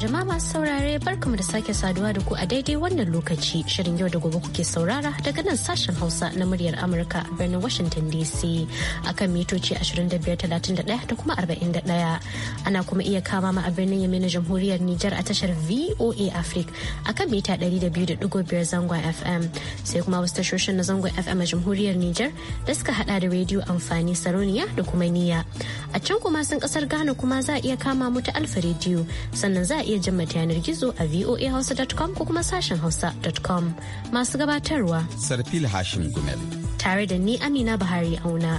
Jama'a masu saurare barkamu da sake saduwa da ku a daidai wannan lokaci shirin yau da gobe kuke saurara daga nan sashen Hausa na muryar Amurka a birnin Washington DC akan mitoci 2531 da kuma 41. Ana kuma iya kama ma a birnin Yamina Jamhuriyar Nijar a tashar VOA Africa kan mita 200.5 zangon FM sai kuma wasu tashoshin na zangon FM a Jamhuriyar Nijar da suka hada da rediyo amfani sarauniya da kuma niya. A can kuma sun kasar Ghana kuma za a iya kama mu ta Alfa rediyo sannan za a iya jin mata yanar gizo a voahausa.com ko kuma sashen hausa.com masu gabatarwa. Sarfil Hashim Gumel. Tare da ni Amina Buhari Auna.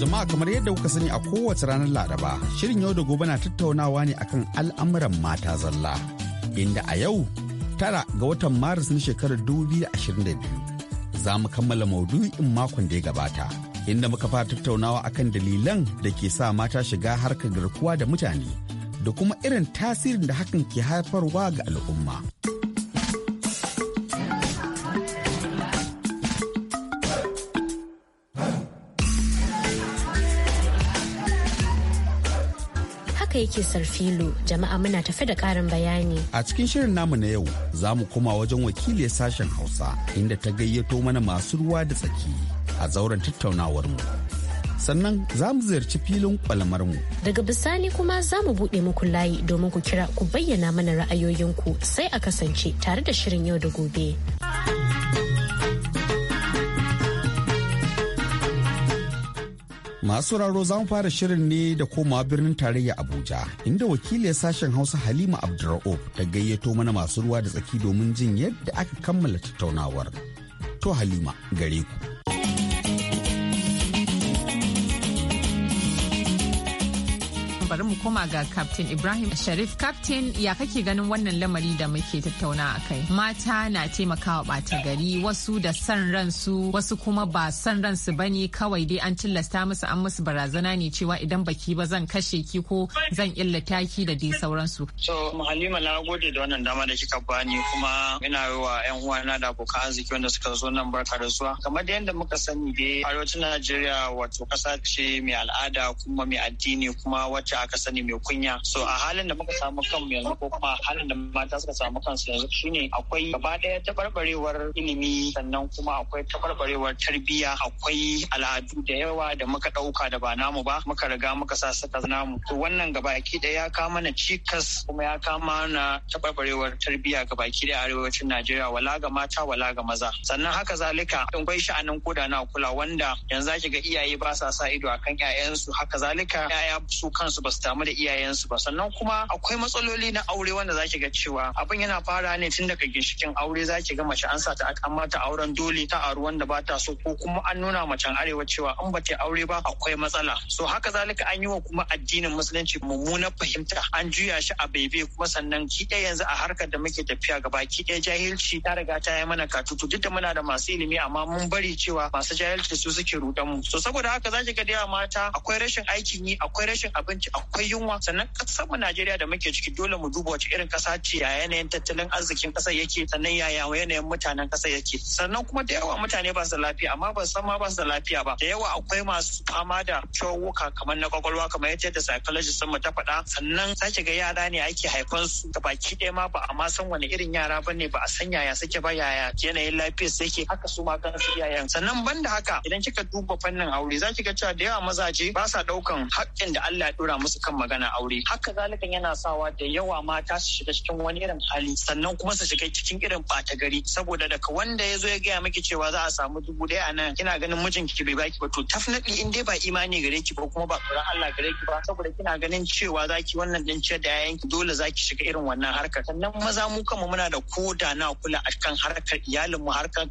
jama'a kamar yadda kuka sani a kowace ranar laraba shirin yau da gobe na tattaunawa ne akan al'amuran mata zalla inda a yau tara ga watan maris na shekarar 2022 za mu kammala maudu'in makon da ya gabata inda muka fara tattaunawa akan dalilan da ke sa mata shiga harkar garkuwa da mutane da kuma irin tasirin da hakan ke haifarwa ga al'umma. haka yake sarfilo jama'a muna tafi da karin bayani. A cikin shirin namu na yau za mu koma wajen wakiliyar sashen Hausa inda ta gayyato mana masu ruwa da tsaki. a zauren tattaunawar mu. sannan za mu ziyarci filin mu. Daga bisani kuma za mu buɗe muku layi domin ku kira ku bayyana mana ra'ayoyinku sai a kasance tare da shirin yau da gobe. Masu raro za mu fara shirin ne da komawa birnin tarayya Abuja, inda ya sashen Hausa Halima Abdurra'uf ta gayyato mana masu ruwa da tsaki domin jin yadda aka kammala tattaunawar. To Halima, gare ku. Kuma ga Captain Ibrahim Sharif. Captain ya kake ganin wannan lamari da muke tattauna a kai? Mata na taimakawa bata gari wasu da san ransu wasu kuma ba san ransu ba ne kawai dai an tilasta musu an musu barazana ne cewa idan baki ba zan kashe ki ko zan illata ki da dai sauransu. So Halima na gode da wannan dama da kika bani kuma ina yi wa 'yan uwana da abokan arziki wanda suka zo nan barka da zuwa. Kamar da yadda muka sani dai arewacin Najeriya wato ƙasa ce mai al'ada kuma mai addini kuma wacce aka sani mai kunya so a halin da muka samu kanmu yanzu ko kuma halin da mata suka samu kansu yanzu ne akwai gaba ɗaya tabarbarewar ilimi sannan kuma akwai tabarbarewar tarbiyya akwai al'adu da yawa da muka ɗauka da ba namu ba muka riga muka sa suka namu to wannan gaba gabaki ɗaya ya kama na cikas kuma ya kama na tabarbarewar tarbiyya ki ɗaya arewacin Najeriya wala ga mata wala ga maza sannan haka zalika akwai sha'anin koda na kula wanda yanzu zaki ga iyaye ba sa sa ido akan 'ya'yansu haka zalika 'ya'ya su kansu ba su game da iyayensu ba sannan kuma akwai matsaloli na aure wanda zaki ga cewa abin yana fara ne tun daga ginshikin aure zaki ga mace an sa ta an mata auren dole ta aru wanda ba ta so ko kuma an nuna macen arewa cewa an bata aure ba akwai matsala so haka zalika an yi wa kuma addinin musulunci mummunar fahimta an juya shi a bebe kuma sannan ki ɗaya yanzu a harkar da muke tafiya gaba ki ɗaya jahilci ta riga ta yi mana katutu duk da muna da masu ilimi amma mun bari cewa masu jahilci su suke rudan mu so saboda haka zaki ga da mata akwai rashin aikin yi akwai rashin abinci akwai yunwa sannan kasar mu Najeriya da muke ciki dole mu duba wace irin kasa ce ya yanayin tattalin arzikin kasar yake sannan ya yawa yanayin mutanen kasar yake sannan kuma da yawa mutane ba su da lafiya amma ba san ma ba su da lafiya ba da yawa akwai masu fama da ciwuka kamar na kwakwalwa kamar yadda psychologist sun mu ta faɗa sannan sake ga yara ne ake haifan su da baki ɗaya ma ba a ma san wani irin yara ba ne ba a san yaya suke ba yaya yanayin lafiyar su yake haka su ma kansu yayan. sannan ban da haka idan kika duba fannin aure za ki ga cewa da yawa mazaje ba sa ɗaukan haƙƙin da Allah ya ɗora musu kan magana aure haka zalika yana sawa da yawa mata su shiga cikin wani irin hali sannan kuma su shiga cikin irin ɓata gari saboda daga wanda ya zo ya gaya miki cewa za a samu dubu ɗaya a nan kina ganin mijinki bai baki ba to tafnaɗi in dai ba imani gare ki ba kuma ba tsoron Allah gare ki ba saboda kina ganin cewa za ki wannan ɗin ciyar da yayanki dole za ki shiga irin wannan harkar sannan maza mu kanmu muna da koda na kula a kan harkar mu harkar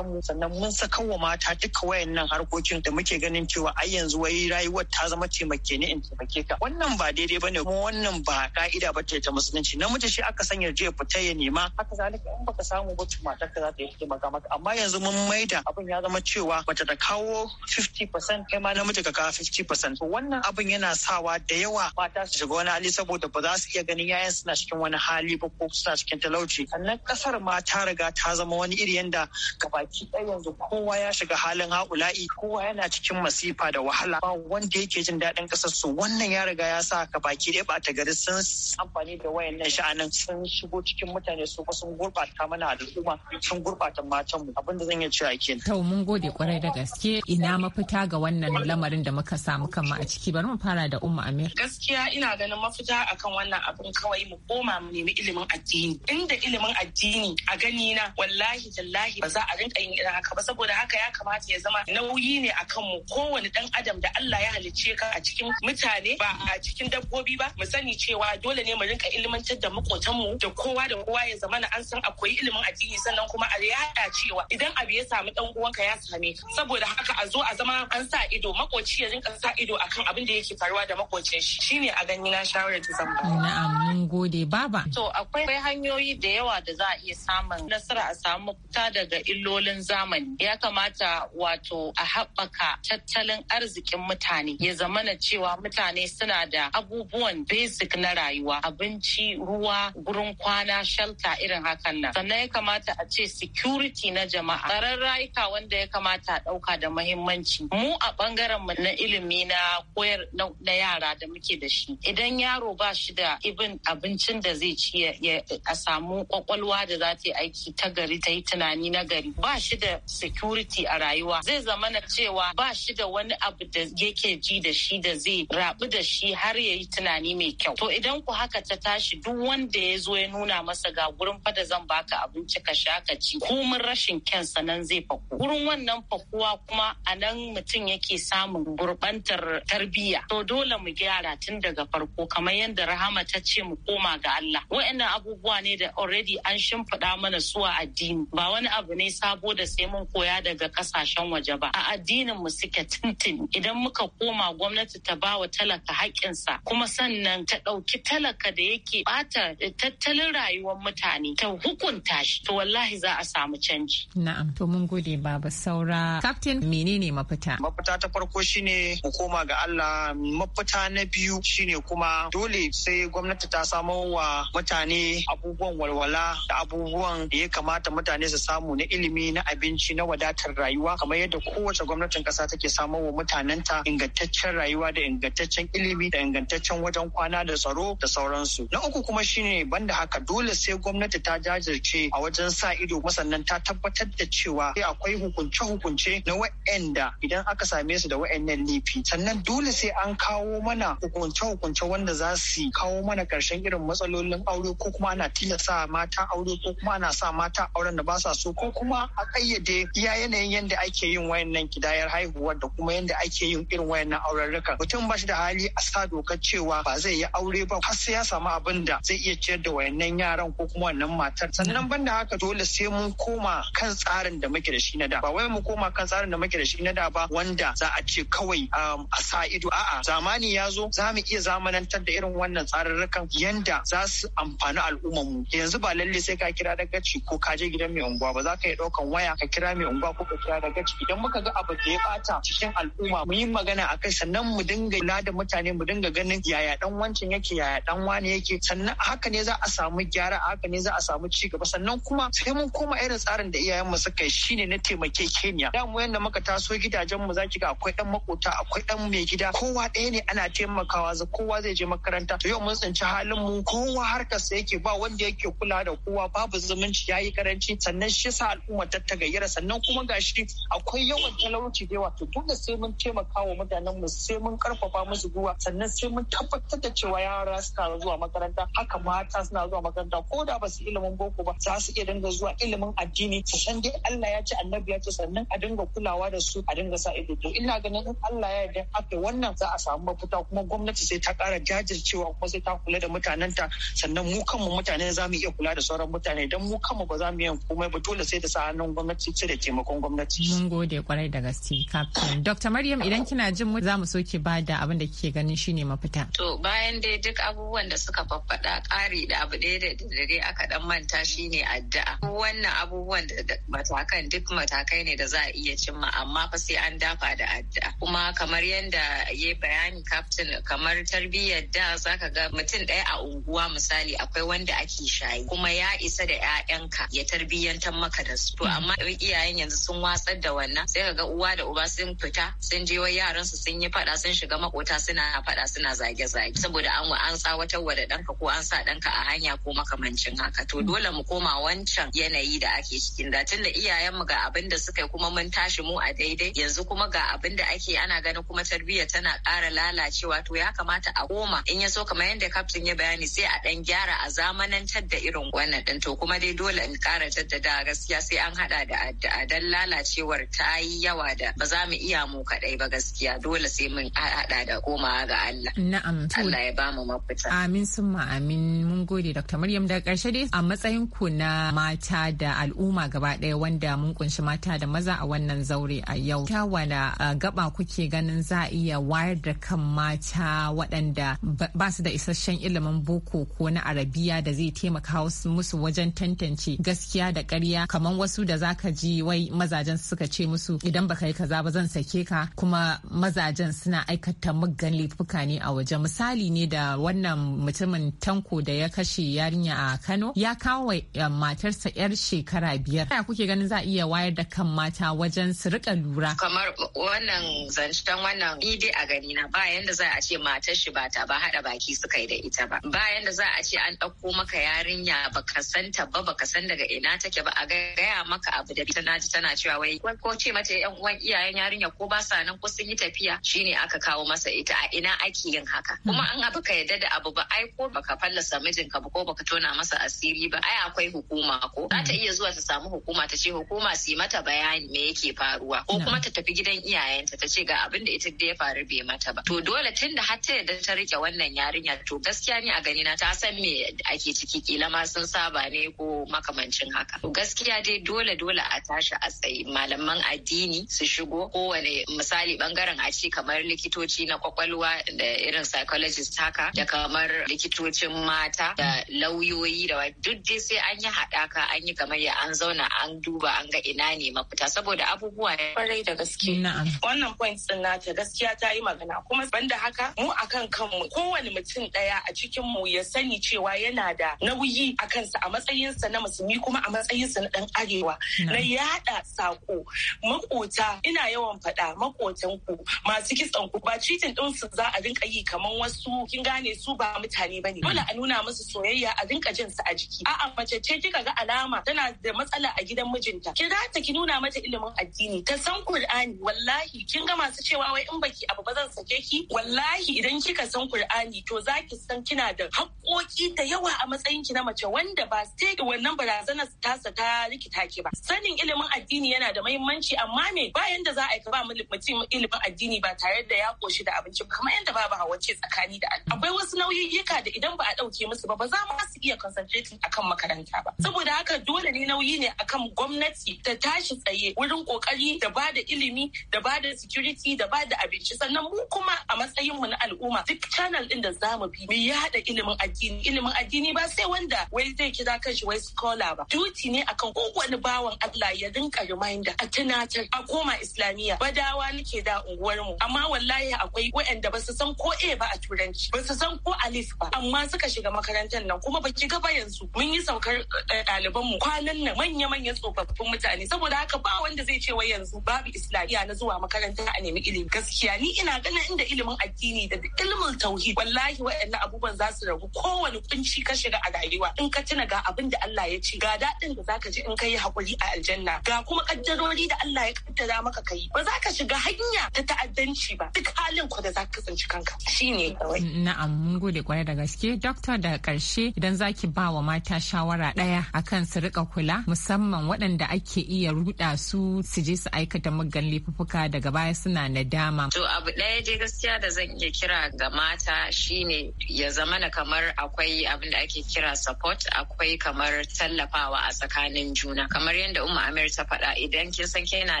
mu sannan mun wa mata duka wayannan harkokin da muke ganin cewa ai yanzu wai rayuwar ta zama taimake ne in taimake ka wannan ba daidai ne. kuma wannan ba ka'ida ba ce ta musulunci namiji shi aka sanya je fita ya nema haka zalika in baka samu ba mata ka za ta yi taimaka maka amma yanzu mun maida abin ya zama cewa bata ta kawo 50% kai ma namiji ka kawo 50% wannan abin yana sawa da yawa mata su shiga wani hali saboda ba za su iya ganin yayan suna cikin wani hali ba ko suna cikin talauci sannan kasar ma ta riga ta zama wani iri yanda gabaki ɗaya yanzu kowa ya shiga halin ha'ula'i kowa yana cikin masifa da wahala ba wanda yake jin daɗin kasar su wannan ya riga ya sa ka baki ɗaya ɓata gari sun amfani da wayannan sha'anin sun shigo cikin mutane su kuma sun gurɓata mana al'umma sun gurɓata matan mu abinda zan iya cewa ke To mun gode kwarai da gaske ina mafita ga wannan lamarin da muka samu kanmu a ciki bari mu fara da Umma Amir. Gaskiya ina ganin mafita akan wannan abin kawai mu koma mu nemi ilimin addini inda ilimin addini a gani na wallahi tallahi ba za a rinka yin irin haka ba saboda haka ya kamata ya zama nauyi ne akan mu kowane dan adam da Allah ya halicce ka a cikin mutane ba a cikin cikin dabbobi ba mu sani cewa dole ne mu rinka ilmantar da makotanmu da kowa da kowa ya zamana an san akwai ilimin addini sannan kuma a yada cewa idan abu ya samu dan uwanka ya same saboda haka a zo a zama an sa ido makoci ya rinka sa ido akan abin da yake faruwa da makocin shi shine a gani na shawarar ta zamba na'am mun gode baba to akwai hanyoyi da yawa da za a iya samun nasara a samu fita daga illolin zamani ya kamata wato a haɓaka tattalin arzikin mutane ya zamana cewa mutane suna da da abubuwan basic na rayuwa abinci ruwa gurin kwana shelter irin hakan nan sannan ya kamata a ce security na jama'a tsaron rayuka wanda ya kamata a ɗauka da mahimmanci mu a ɓangaren mu na ilimi na koyar na yara da muke da shi idan yaro ba shi da ibin abincin da zai ci a samu kwakwalwa da za ta yi aiki ta gari ta yi tunani na gari ba shi da security a rayuwa zai zama na cewa ba shi da wani abu da yake ji da shi da zai rabu da shi har har ya yi tunani mai kyau to idan ku haka ta tashi duk wanda ya zo ya nuna masa ga gurin fada zan baka abinci ka sha ka ci komin rashin kyansa nan zai faku gurin wannan fakuwa kuma a nan mutum yake samun gurbantar tarbiyya to dole mu gyara tun daga farko kamar yadda rahama ta ce mu koma ga Allah wa'annan abubuwa ne da already an shimfiɗa mana su a addini ba wani abu ne sabo da sai mun koya daga kasashen waje ba a addinin mu suke tuntuni idan muka koma gwamnati ta ba wa talaka haƙƙin kansa kuma sannan ta ɗauki talaka da yake bata tattalin rayuwar mutane ta hukunta shi to wallahi za a samu canji. Na'am to mun gode baba saura. Captain menene mafita? Mafita ta farko shine mu koma ga Allah mafita na biyu shine kuma dole sai gwamnati ta samu wa mutane abubuwan walwala da abubuwan da ya kamata mutane su samu na ilimi na abinci na wadatar rayuwa kamar yadda kowace gwamnatin kasa take samo wa mutanenta ingantaccen rayuwa da ingantaccen ilimi da ingantaccen wajen kwana da tsaro da sauransu. Na uku kuma shine banda haka dole sai gwamnati ta jajirce a wajen sa ido masannan ta tabbatar da cewa sai akwai hukunce-hukunce na wa'anda idan aka same su da wa'annan laifi. Sannan dole sai an kawo mana hukunce-hukunce wanda za su kawo mana karshen irin matsalolin aure ko kuma ana tilasta mata aure ko kuma ana sa mata auren da ba sa so ko kuma a kayyade iya yanayin yadda ake yin wayannan kidayar haihuwa da kuma yadda ake yin irin wayannan rika Mutum ba shi da hali a sadu dokar cewa ba zai yi aure ba har sai ya samu abin da zai iya ciyar da wayannan yaran ko kuma wannan matar sannan mm. banda haka dole sai mun koma kan tsarin da muke da shi na da ba wai mu koma kan tsarin da muke da shi na da ba wanda za a ce kawai um, a sa ido a'a zamani ya zo za mu iya zamanantar da irin wannan tsararrukan yanda za su amfani mu yanzu ba lalle sai ka kira daga gaci ko ka je gidan mai unguwa ba za ka yi daukan waya ka kira mai unguwa ko ka kira daga gaci idan muka ga abu da ya bata cikin al'umma mu yi magana akai sannan mu dinga kula da mutane mu dinga dinga ganin yaya dan wancan yake yaya dan wani yake sannan haka ne za a samu gyara haka ne za a samu ci gaba sannan kuma sai mun koma irin tsarin da iyayenmu suka yi shine na taimakekeniya da mu yanda muka taso gidajen mu zaki ga akwai dan makota akwai dan mai gida kowa ɗaya ne ana taimakawa za kowa zai je makaranta to yau mun tsinci halin mu kowa harkar sa yake ba wanda yake kula da kowa babu zumunci yayi karanci sannan shi sa al'umma ta ta tagayyara sannan kuma gashi akwai yawan talauci da yawa to dole sai mun taimakawa mutanen mu sai mun karfafa musu gwiwa sannan sai mun tabbatar da cewa yara suna zuwa makaranta haka mata suna zuwa makaranta ko da basu su ilimin boko ba za su iya dinga zuwa ilimin addini su san dai Allah ya ce annabi ya ce sannan a dinga kulawa da su a dinga sa ido to ina ganin in Allah ya yarda haka wannan za a samu mafita kuma gwamnati sai ta kara jajircewa kuma sai ta kula da mutanenta sannan mu kanmu mutane za mu iya kula da sauran mutane dan mu kanmu ba za mu yi komai ba dole sai da sa hannun gwamnati sai da taimakon gwamnati. Mun gode kwarai da gaske. Captain Dr. Maryam idan kina jin mu za mu so ba bada abin da kike ganin shine mafita? To bayan dai duk abubuwan da suka faffaɗa ƙari da abu ɗaya da dare aka ɗan manta shine addu'a. Wannan abubuwan da matakan duk matakai ne da za a iya cimma amma fa sai an dafa da addu'a. Kuma kamar yadda ya bayani kaftin kamar tarbiyyar da za ka ga mutum ɗaya a unguwa misali akwai wanda ake shayi kuma ya isa da 'ya'yanka ya tarbiyyantar maka da su. To mm. amma iyayen yanzu sun watsar da wannan sai ka ga uwa da uba sun fita sun je wa yaransu sun yi faɗa sun shiga makota suna faɗa suna zage-zage saboda an an tsawatar wa da ɗanka ko an sa ɗanka a hanya ko makamancin haka to dole mu koma wancan yanayi da ake cikin da tunda mu ga abin da suka yi kuma mun tashi mu a daidai yanzu kuma ga abin da ake ana ganin kuma tarbiyya tana ƙara lalacewa to ya kamata a koma in ya so kamar yadda kaftin ya bayani sai a ɗan gyara a zamanantar da irin wannan ɗin to kuma dai dole in ƙara jaddada gaskiya sai an haɗa da addan lalacewar ta yi yawa da ba za mu iya mu kaɗai ba gaskiya dole sai mun haɗa da komawa ga Allah. Allah. Na'am. Allah ya bamu mafita. Amin summa amin mun gode Dr. Maryam da karshe dai a matsayin ku na mata da al'umma gaba ɗaya wanda mun kunshi mata da maza a wannan zaure a yau. Ta wala gaba kuke ganin za a iya wayar da kan mata waɗanda ba su da isasshen ilimin boko ko na arabiya da zai taimaka musu wajen tantance gaskiya da ƙarya kamar wasu da zaka ji wai mazajen suka ce musu idan baka yi kaza ba zan sake ka kuma mazajen suna aikata muggan laifuka mutane a waje misali ne da wannan mutumin tanko da ya kashe yarinya a Kano ya kawo eh, matarsa yar shekara biyar. Ya kuke ganin za iya wayar da kan mata wajen su rika lura. Kamar wannan zancen wannan ni dai a gani na ba yanda za a ce matar shi ba ta ba hada baki suka yi da ita ba. Ba yanda za a ce an ɗauko maka yarinya baka san ta ba baka san daga ina take ba a gaya maka abu da ita naji tana cewa wai ko ce mata yan uwan iyayen yarinya ko ba sa nan ko sun yi tafiya shine aka kawo masa ita a ina ake ake yin haka kuma an abu ka yadda da abu ba ai ko baka fallasa mijinka ba ko baka tona masa asiri ba ai akwai hukuma ko za ta iya zuwa ta samu hukuma ta ce hukuma su yi mata bayani me yake faruwa ko kuma ta tafi gidan iyayenta ta ce ga abin da ita da ya faru bai mata ba to dole tun da har ta yadda ta rike wannan yarinya to gaskiya ne a gani na ta san me ake ciki kila ma sun saba ne ko makamancin haka to gaskiya dai dole dole a tashi a tsaye malaman addini su shigo kowane misali bangaren a ce kamar likitoci na kwakwalwa da irin psychologist haka da kamar likitocin mata da lauyoyi da duk dai sai an yi haɗaka an yi kamar ya an zauna an duba an ga ina ne mafita saboda abubuwa ya kwarai da gaske. Wannan point din nata gaskiya ta yi magana kuma banda haka mu akan kanmu kowane mutum daya a cikin mu ya sani cewa yana da nauyi a kansa a matsayinsa na musulmi kuma a matsayinsa na ɗan arewa na yada sako makota ina yawan faɗa makotanku masu kitsan ku ba citin ɗinsu za a dinga rinka kamar wasu kin gane su ba mutane bane dole a nuna musu soyayya a rinka jin su a jiki a'a mace ce kika ga alama tana da matsala a gidan mijinta za ta ki nuna mata ilimin addini ta san Qur'ani wallahi kin ga masu cewa wai in baki abu ba zan sake ki wallahi idan kika san Qur'ani to zaki san kina da haƙoƙi da yawa a matsayin ki na mace wanda ba sai wannan barazanar tasa ta rikita ki ba sanin ilimin addini yana da muhimmanci amma me bayan da za a yi ka ba mutum ilimin addini ba tare da ya koshi da abinci kamar yadda ba ba a wace tsakani da al'umma. akwai wasu nauyiyyuka da idan ba a ɗauke musu ba ba za ma su iya concentrating akan makaranta ba saboda haka dole ne nauyi ne akan gwamnati ta tashi tsaye wurin kokari da ba da ilimi da ba da security da ba da abinci sannan mu kuma a matsayin mu na al'umma duk channel din da za mu bi mu haɗa ilimin addini ilimin addini ba sai wanda wai zai kira kanshi wai scholar ba duty ne akan kowane bawan Allah ya dinka reminder a tunatar a koma islamiyya badawa nake da unguwarmu amma wallahi akwai waɗanda ba su san ko A ba a turanci ba su san ko alif ba amma suka shiga makarantar nan kuma baki gaba yanzu mun yi saukar eh, ɗaliban mu kwanan nan manya-manyan tsofaffin mutane saboda haka ba wanda zai ce wai yanzu babu islamiyya na zuwa makarantar a nemi ilimi gaskiya ni ina ganin inda ilimin addini da ilimin tauhid wallahi wa'annan abubuwan za su ragu kowane kunci ka shiga a rayuwa in ka tuna ga abin da Allah ya ci ga daɗin da zaka ji in ka yi haƙuri a aljanna ga kuma kaddarori da Allah ya kaddara maka kai ba za ka shiga hanya ta ta'addanci ba duk halin ku da za ka tsinci kanka ne kawai na'am mun gode kwarai da gaske doctor da karshe idan zaki ba wa mata shawara daya akan su rika kula musamman waɗanda ake iya ruɗa su su je su aikata muggan laifuka daga baya suna nadama to abu ɗaya dai gaskiya da zan iya kira ga mata shine ya zama zamana kamar akwai abin da ake kira support akwai kamar tallafawa a tsakanin juna kamar yadda umma amir ta faɗa idan kin san kina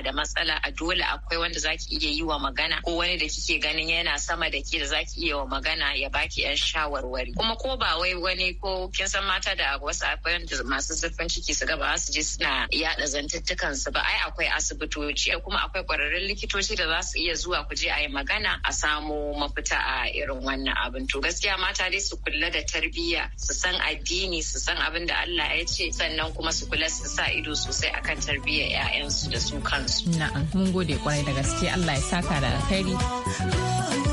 da matsala a dole akwai wanda zaki iya yi wa magana ko wani da kike ganin yana sama da arziki da zaki iya wa magana ya baki yan shawarwari kuma ko ba wai wani ko kin san mata da wasu akwai masu zurfin ciki su gaba su je suna yada zantuttukan su ba ai akwai asibitoci kuma akwai kwararrun likitoci da za su iya zuwa ku je a yi magana a samo mafita a irin wannan abin to gaskiya mata dai su kula da tarbiyya su san addini su san abin da Allah ya ce sannan kuma su kula su sa ido sosai akan tarbiyyar 'ya'yansu da su kansu na'am mun gode kwarai da gaske Allah ya saka da Oh,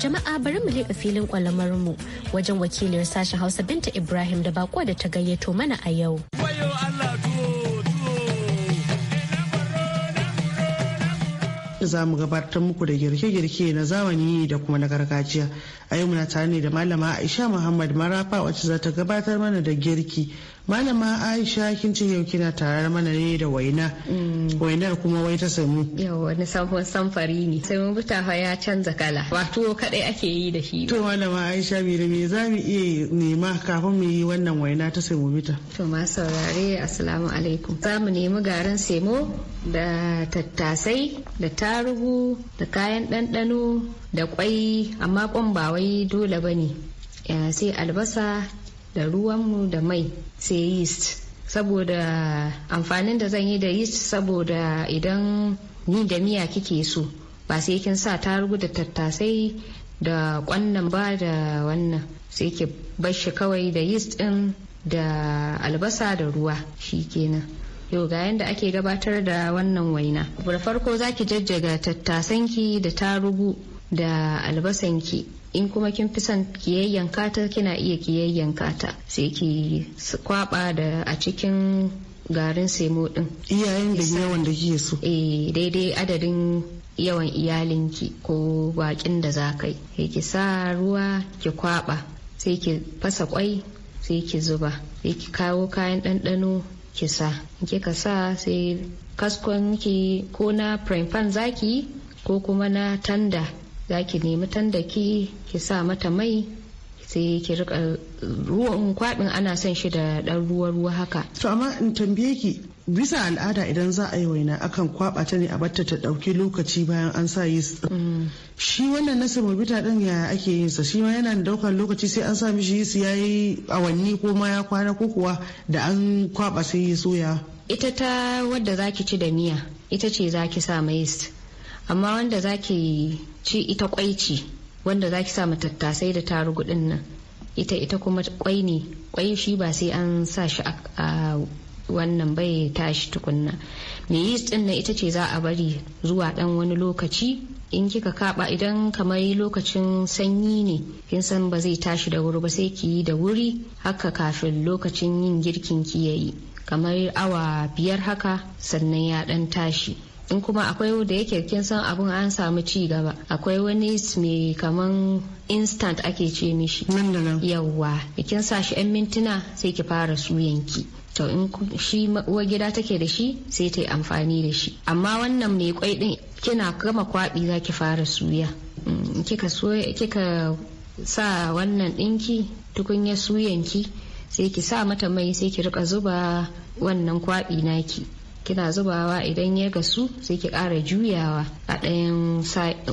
jama'a bari mu leƙa filin mu wajen wakiliyar sashen Hausa Binta Ibrahim da bako da ta gayyato mana a yau. za mu gabatar muku da girke-girke na zamani da kuma na gargajiya a yau muna tare ne da malama aisha muhammad marafa wacce za ta gabatar mana da girki malama aisha kin ce yau kina tarar mana ne da waina mm. wainar kuma wai ta samu yau wani sabon samfari ne sai mun ya canza kala wato kadai ake yi da shi to malama aisha me me za mu iya nema kafin mu yi wannan waina ta samu mita to ma saurare assalamu alaikum za mu nemi garin semo da tattasai da tarugu da kayan ɗanɗano da kwai amma ba wai dole bane eh, sai albasa da ruwanmu da mai sai yeast saboda amfanin da zan yi da yeast saboda idan ni da miya kike so ba sai kin sa tarugu da tattasai da kwannan ba da wannan sai ke bashi kawai da yeast din da albasa da ruwa shi kenan yau ga yadda ake gabatar da wannan waina da farko za ki jajjaga tattasanki da tarugu da albasanki in kuma kin fi son kiyayyen kata kina iya kiyayyen kata sai ki kwaba da a cikin garin semo din iyayen da yawan da kike so eh daidai adadin yawan iyalinki ko bakin da za kai ki sa ruwa ki kwaba sai ki fasa kwai sai ki zuba sai ki kawo kayan ɗanɗano ki sa kika sa sai kaskon ki ko na prime pan zaki ko kuma na tanda za ki nemi tandaki ki sa mata mai sai ki rika ruwan kwabin ana son shi da ɗan ruwa ruwa haka to amma in tambaye ki bisa al'ada idan za a yi waina akan kwaba ta ne a batta ta dauki lokaci bayan an sa yeast mm. shi wannan na samobita din ya ake yin sa shi ma yana daukar lokaci sai an sa mishi yeast yayi awanni ko ma ya kwana ko kuwa da an kwaba sai ya soya ita ta wadda zaki ci da miya ita ce zaki sa mai yeast amma wanda zaki ci ita kwai ce wanda zaki sa tattasai da taru din nan ita ita kuma kwai ne kwai shi ba sai an sa shi a wannan bai tashi tukunna me yi din nan ita ce za a bari zuwa dan wani lokaci in kika kaba idan kamar lokacin sanyi ne kin san ba zai tashi da wuri ba sai ki yi da wuri haka kafin lokacin yin girkin ki yayi kamar awa biyar haka sannan ya dan tashi in kuma akwai wanda yake kin san abun an samu ci gaba akwai wani mai kaman instant ake ce mishi yawwa kin sa shi 'yan mintuna sai ki fara suyanki to in shi uwar gida take da shi sai ta yi amfani da shi amma wannan mai kwai din kina gama kwabi za ki fara suya mm, kika kika sa wannan dinki tukunya suyanki sai ki sa mata mai sai ki rika zuba wannan kwabi naki kina zubawa idan ya gasu sai ki ƙara juyawa a ɗayan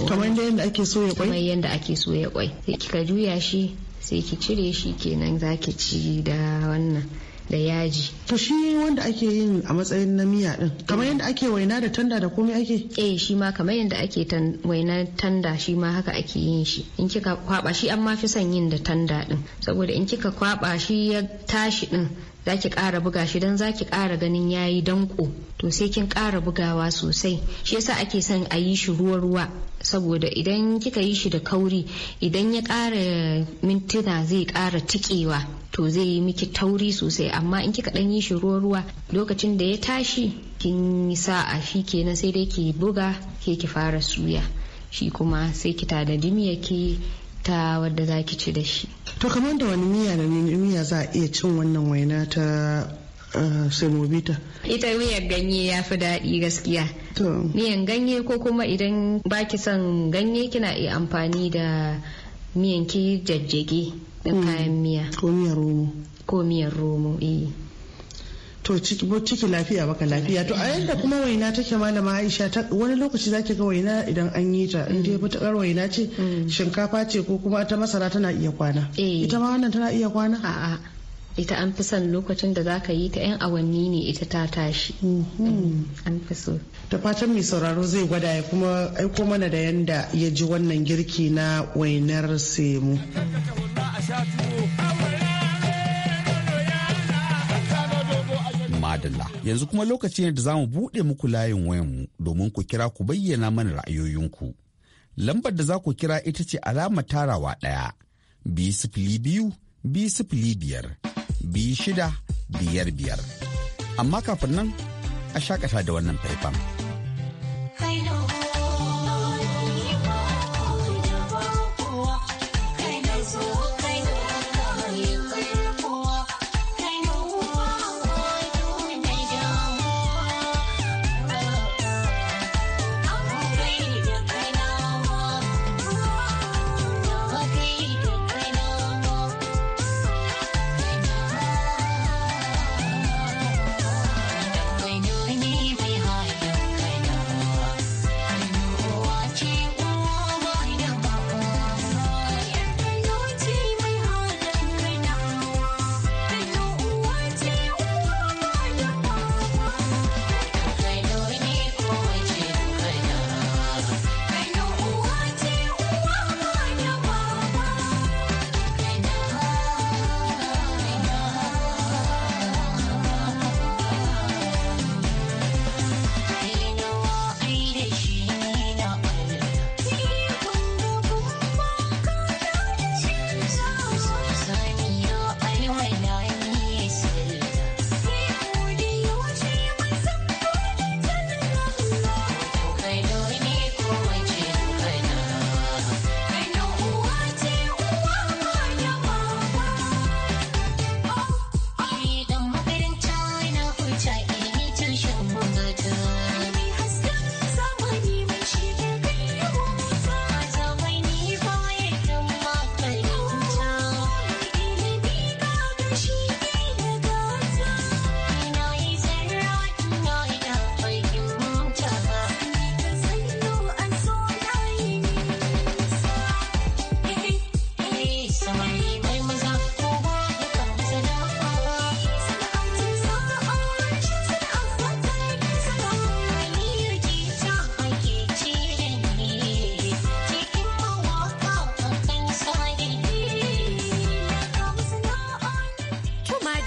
kamar yadda ake so ya kwai kamar yadda ake so ya kwai sai kika juya shi sai ki cire shi kenan za ki ci da wannan da yaji. To shi wanda ake yin a matsayin na miya din kamar yadda ake waina da tanda da komai ake? Eh shi ma kamar yadda ake waina tanda shi ma haka ake yin shi. In kika kwaba shi an ma fi son yin da tanda din saboda in kika kwaba shi ya tashi din za ki ƙara buga shi don za ki ƙara ganin ya yi danko to sai kin ƙara bugawa sosai shi yasa ake son a yi shi ruwa-ruwa saboda idan kika yi shi da kauri idan ya ƙara mintuna zai ƙara tikewa to zai yi miki tauri sosai amma in kika ɗan yi shi ruwa-ruwa lokacin da ya tashi kin yi sa'a shi kenan sai dai ki buga ke ki fara suya shi kuma sai ki tanadi ke ta wadda za ki ci da shi to kamar da wani miya da miya za a iya cin wannan waina ta eh, semovita ita miyar ganye ya fi daɗi gaskiya miyan ganye ko kuma idan baki son ganye kina iya amfani da miyan ki jajjage da mm. kayan miya ko miyar romo ko miyar romo eh. to ciki lafiya baka lafiya to a yadda kuma waina take malama Aisha wani lokaci zaki ga waina idan an yi ta in dai mutakar mm. waina ce mm. shinkafa ce ko kuma ta masara tana iya kwana eh. ita ma wannan tana iya kwana a'a ita an fi son lokacin da zaka yi ta 'yan awanni ne ita ta tashi mm-hmm. mm, an fi so Ta fatan mai sauraro zai gwada ya kuma aiko mana da yanda ya ji wannan girki na wainar semu Yanzu kuma lokaci ne da za mu buɗe muku layin wayanmu domin ku kira ku bayyana mana ra'ayoyinku. Lambar da za ku kira ita ce alama tarawa ɗaya, biyu sifili biyu, biyu sifili biyar, biyu shida, biyar biyar. Amma kafin nan a shakata da wannan faifan.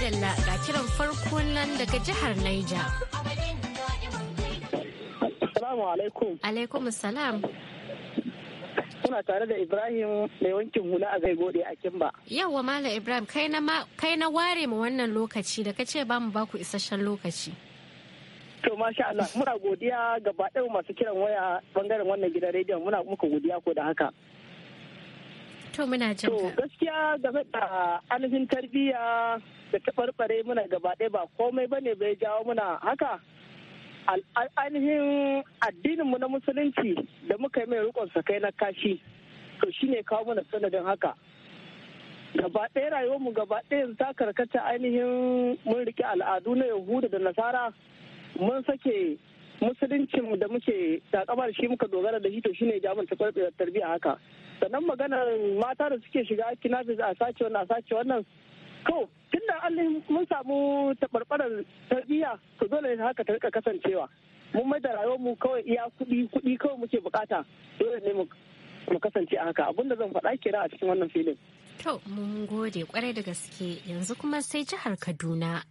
Adalla ga kiran farko nan daga jihar Naija. Assalamu alaikum. Alaikum salam. Kuna tare da Ibrahim mai wankin hula a zai gode a Kimba. Yawwa Malam Ibrahim kai na ware mu wannan lokaci da ka ce ba mu baku isasshen lokaci. To masha Allah muna godiya gaba masu kiran waya bangaren wannan gidan rediyon muna muka godiya ko da haka. To muna jin To gaskiya game da ainihin tarbiyya da taɓarɓare muna gaba ɗaya ba komai ba ne bai jawo muna haka. Ainihin addininmu na musulunci da muka yi mai rikon kai na kashi to shine kawo mana sanadin haka. gaba ɗaya rayuwarmu gaba ɗaya ta karkata ainihin mun rike al'adu na yahudu da nasara mun sake musulunci da muke takamar shi muka dogara da shi to shine ta mun da tarbiyya haka sannan maganar mata da suke shiga kinafis a sace wannan a sace wannan to tun da an mun samu tabarbarar tarbiyya to dole ne haka ta rika kasancewa mun mai da rayuwar mu kawai iya kudi kudi kawai muke bukata dole ne mu kasance a haka abinda zan faɗa ke a cikin wannan filin. To mun gode kwarai da gaske yanzu kuma sai jihar Kaduna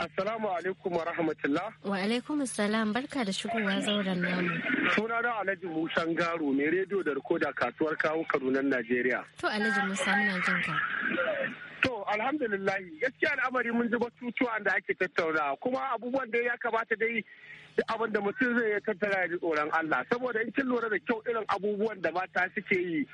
Assalamu alaikum wa rahmatullah. Wa alaikum assalam barka da shigowa zauren namu. Suna da Alhaji Musa Garo mai rediyo da rikoda kasuwar kawo Kaduna, Najeriya. To Alhaji Musa muna jin ka. To alhamdulillah gaskiya al'amari mun ji batutuwan da ake tattaunawa, kuma abubuwan da ya kamata dai duk abin da mutum zai ya tattara ji tsoron Allah saboda in kin lura da kyau irin abubuwan da mata suke yi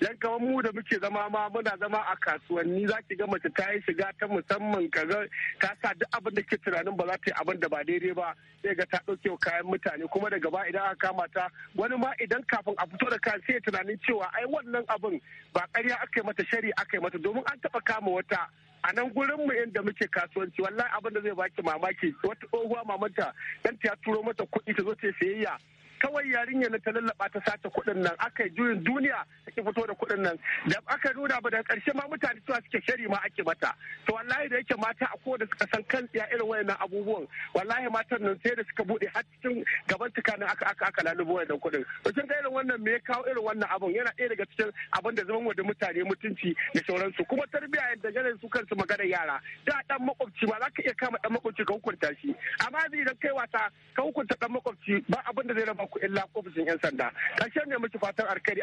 dan kamar mu da muke zama ma muna zama a kasuwanni za ki ga mace ta yi shiga ta musamman kaga ta sa duk abin da ke tunanin ba za ta yi abin da ba daidai ba sai ga ta ɗauke kayan mutane kuma daga ba idan aka kama ta wani ma idan kafin a fito da kayan sai tunanin cewa ai wannan abin ba ƙarya aka yi mata shari aka yi mata domin an taɓa kama wata a nan gurin mu inda muke kasuwanci wallahi abin da zai baki mamaki wata tsohuwa mamanta dan ta turo mata kuɗi ta zo ta sayayya kawai yarinyar na ta lallaba ta sace kuɗin nan aka yi juyin duniya ta ki fito da kuɗin nan da aka nuna ba da ƙarshe ma mutane suwa suke shari ma ake mata to wallahi da yake mata a kowa da suka san kan ya irin wayannan abubuwan wallahi matan nan sai da suka bude har cikin gaban tukanin aka aka aka lalubo da kuɗin to kin ga irin wannan me ya kawo irin wannan abun yana ɗaya daga cikin abin da zaman da mutane mutunci da sauransu kuma tarbiyya da gare su kansu magana yara da dan makwabci ba za ka iya kama dan makwabci ka hukunta shi amma idan kai wasa ka hukunta dan makwabci ba abin da zai raba ku illa ofisin 'yan sanda ƙarshen ne musu fatan alkhairi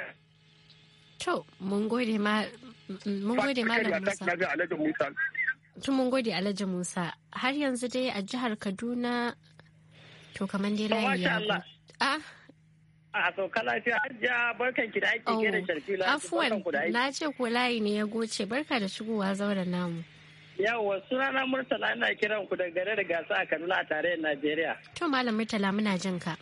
to mun gode ma mun gode malam Musa to mun gode Alhaji Musa har yanzu dai a jihar Kaduna to kaman dai layi ya ah? a a kala ce hajja barkan ki da ake kira oh, sharfi lafiya afuwan na ce ko layi ne ya goce barka da shigowa zaura namu yawwa sunana murtala ina kiran ku da gare da gasa a kaduna a tarayyar najeriya to malam murtala muna jin ka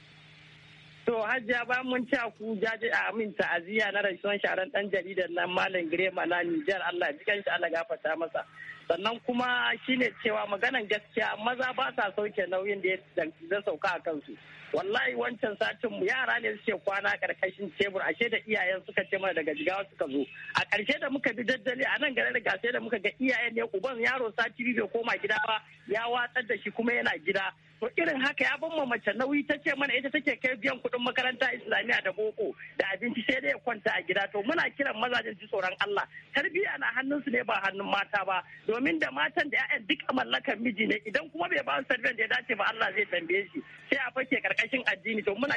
To hajiya ba mun ci ku jaji a min ta'aziyya na rasuwan sharan dan jaridar nan Malam Girema na Nijar Allah jikan shi Allah gafarta masa. Sannan kuma shine cewa maganan gaskiya maza ba sa sauke nauyin da ya sauka a kansu. wallahi wancan satin yara ne suke kwana karkashin tebur ashe da iyayen suka ce mana daga jigawa suka zo a karshe da muka bi daddali a nan garin da gasai da muka ga iyayen ne uban yaro sati biyu bai koma gida ba ya watsar da shi kuma yana gida to irin haka ya ban mace nauyi ta ce mana ita take kai biyan kuɗin makaranta islamiya da boko da abinci sai dai ya kwanta a gida to muna kiran mazajen ji tsoron Allah tarbiyya na hannun su ne ba hannun mata ba domin da matan da 'ya'yan duk a mallakar miji ne idan kuma bai ba su tarbiyyar da ya dace ba Allah zai tambaye shi sai a fake karkashin ƙarƙashin addini to muna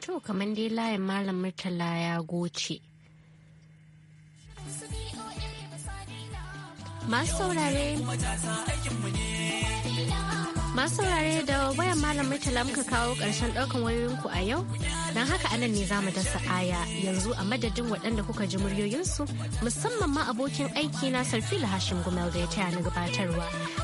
to kamar dai layin malam murtala ya goce masu saurare Masu saurare da wayan malam tala muka kawo ƙarshen ɗaukan wayoyinku a yau, don haka anan ne zamu dasa aya yanzu a madadin waɗanda kuka ji muryoyin su musamman ma abokin aiki na Sarfila Hashim Gumel da ya taya ni gabatarwa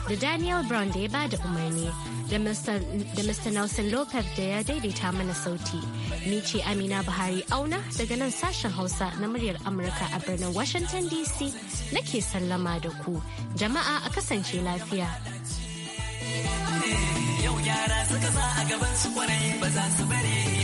da Daniel Brown da ya ba da umarni da Mr. Nelson Lopez da ya daidaita mana sauti. Ni ce Amina Buhari Auna daga nan sashen Hausa na muryar Amurka a birnin Washington DC nake sallama da ku. Jama'a a kasance lafiya. yau gyara suka sa a gaban su kwarai ba za su bare